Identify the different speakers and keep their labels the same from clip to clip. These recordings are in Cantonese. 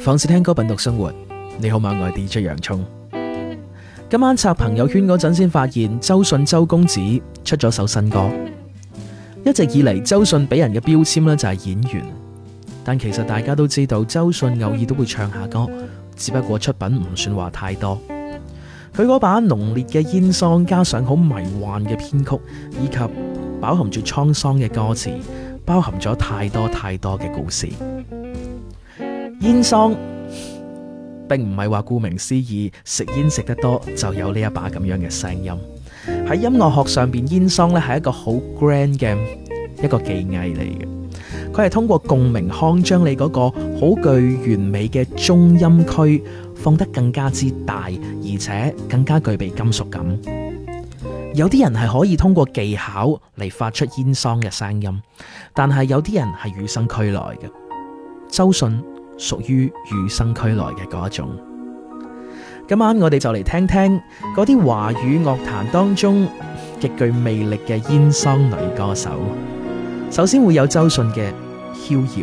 Speaker 1: 放肆，聽歌品讀生活，你好嗎，我係 DJ 洋蔥。今晚刷朋友圈嗰陣，先發現周迅周公子出咗首新歌。一直以嚟，周迅俾人嘅標籤呢就係演員，但其實大家都知道，周迅偶爾都會唱下歌，只不過出品唔算話太多。佢嗰把濃烈嘅煙嗓，加上好迷幻嘅編曲，以及飽含住滄桑嘅歌詞，包含咗太多太多嘅故事。煙嗓並唔係話顧名思義，食煙食得多就有呢一把咁樣嘅聲音。喺音樂學上邊，煙嗓咧係一個好 grand 嘅一個技藝嚟嘅。佢係通過共鳴腔將你嗰個好具完美嘅中音區放得更加之大，而且更加具備金屬感。有啲人係可以通過技巧嚟發出煙嗓嘅聲音，但係有啲人係與生俱來嘅。周迅。屬於與生俱來嘅嗰一種。今晚我哋就嚟聽聽嗰啲華語樂壇當中極具魅力嘅煙嗓女歌手。首先會有周迅嘅《逍
Speaker 2: 遙》。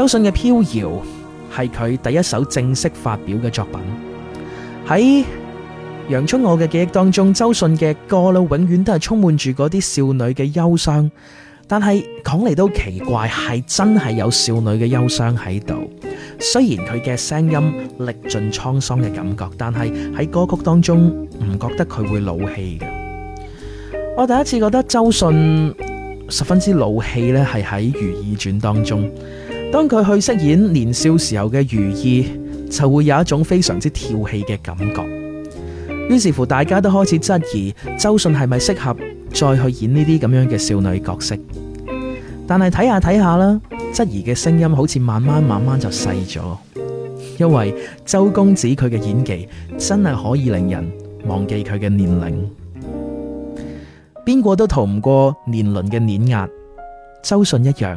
Speaker 1: 周迅嘅飄搖係佢第一首正式發表嘅作品。喺楊春我嘅記憶當中，周迅嘅歌路永遠都係充滿住嗰啲少女嘅憂傷。但係講嚟，都奇怪，係真係有少女嘅憂傷喺度。雖然佢嘅聲音歷盡滄桑嘅感覺，但係喺歌曲當中唔覺得佢會老氣嘅。我第一次覺得周迅十分之老氣咧，係喺《如懿傳》當中。當佢去飾演年少時候嘅如意，就會有一種非常之跳戲嘅感覺。於是乎，大家都開始質疑周迅係咪適合再去演呢啲咁樣嘅少女角色。但係睇下睇下啦，質疑嘅聲音好似慢慢慢慢就細咗，因為周公子佢嘅演技真係可以令人忘記佢嘅年齡。邊個都逃唔過年輪嘅碾壓，周迅一樣。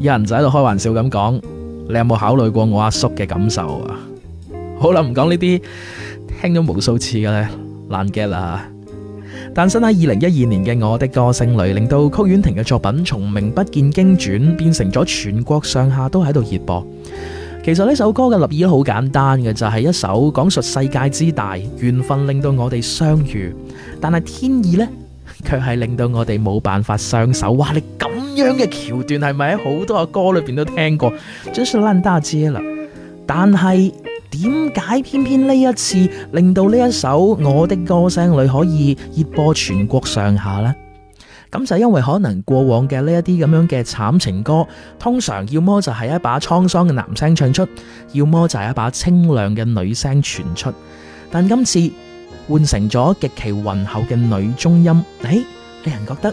Speaker 1: 有人就喺度開玩笑咁講，你有冇考慮過我阿叔嘅感受啊？好啦，唔講呢啲，聽咗無數次嘅啦，難嘅啦。誕生喺二零一二年嘅《我的歌聲裡》，令到曲婉婷嘅作品從名不見經傳變成咗全國上下都喺度熱播。其實呢首歌嘅立意都好簡單嘅，就係一首講述世界之大，緣分令到我哋相遇，但係天意呢，卻係令到我哋冇辦法相守。哇，你咁～咁樣嘅橋段係咪喺好多嘅歌裏邊都聽過？真 是爛大街啦！但係點解偏偏呢一次令到呢一首我的歌聲裏可以熱播全國上下呢？咁就係因為可能過往嘅呢一啲咁樣嘅慘情歌，通常要麼就係一把滄桑嘅男聲唱出，要麼就係一把清亮嘅女聲傳出，但今次換成咗極其渾厚嘅女中音，誒、哎，令人覺得。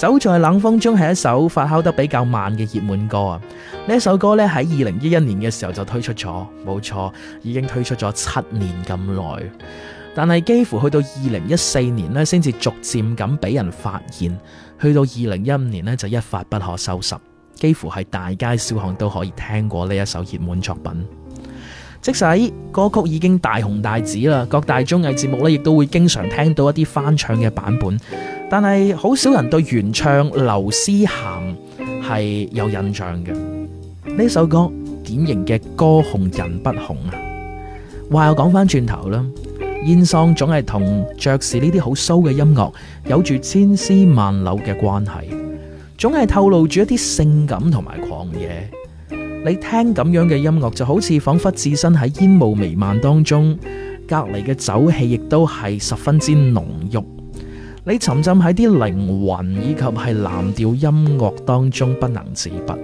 Speaker 1: 走在冷風中係一首發酵得比較慢嘅熱門歌啊！呢一首歌呢，喺二零一一年嘅時候就推出咗，冇錯，已經推出咗七年咁耐。但係幾乎去到二零一四年呢，先至逐漸咁俾人發現；去到二零一五年呢，就一發不可收拾，幾乎係大街小巷都可以聽過呢一首熱門作品。即使歌曲已經大紅大紫啦，各大綜藝節目呢，亦都會經常聽到一啲翻唱嘅版本。但係好少人對原唱劉思涵係有印象嘅呢首歌，典型嘅歌紅人不紅啊！話又講翻轉頭啦，煙嗓總係同爵士呢啲好騷嘅音樂有住千絲萬縷嘅關係，總係透露住一啲性感同埋狂野。你聽咁樣嘅音樂，就好似仿佛置身喺煙霧彌漫當中，隔籬嘅酒氣亦都係十分之濃郁。你沉浸喺啲靈魂以及係藍調音樂當中不能自拔。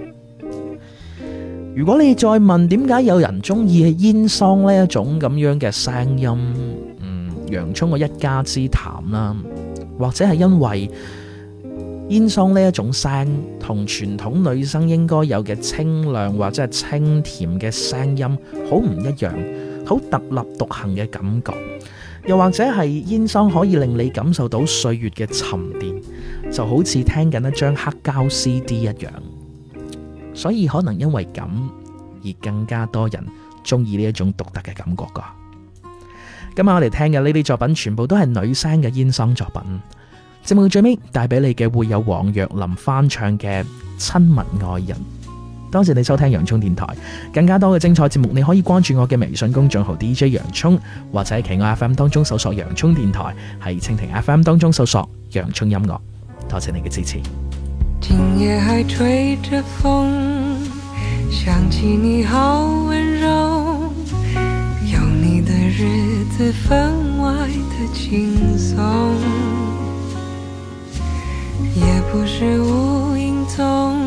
Speaker 1: 如果你再問點解有人中意煙嗓呢一種咁樣嘅聲音，嗯，洋蔥嘅一家之談啦，或者係因為煙嗓呢一種聲同傳統女生應該有嘅清亮或者係清甜嘅聲音好唔一樣，好獨立獨行嘅感覺。又或者係煙嗓可以令你感受到歲月嘅沉澱，就好似聽緊一張黑膠 CD 一樣，所以可能因為咁而更加多人中意呢一種獨特嘅感覺噶今晚我哋聽嘅呢啲作品全部都係女聲嘅煙嗓作品。節目最尾帶俾你嘅會有王若琳翻唱嘅《親密愛人》。多謝你收聽洋蔥電台，更加多嘅精彩節目，你可以關注我嘅微信公眾號 DJ 洋蔥，或者喺其他 FM 當中搜索洋蔥電台，喺蜻蜓 FM 當中搜索洋蔥音樂。多謝你嘅支持。
Speaker 3: 今夜還吹著風，想起你好溫柔，有你的日子分外的輕鬆，也不是無影蹤，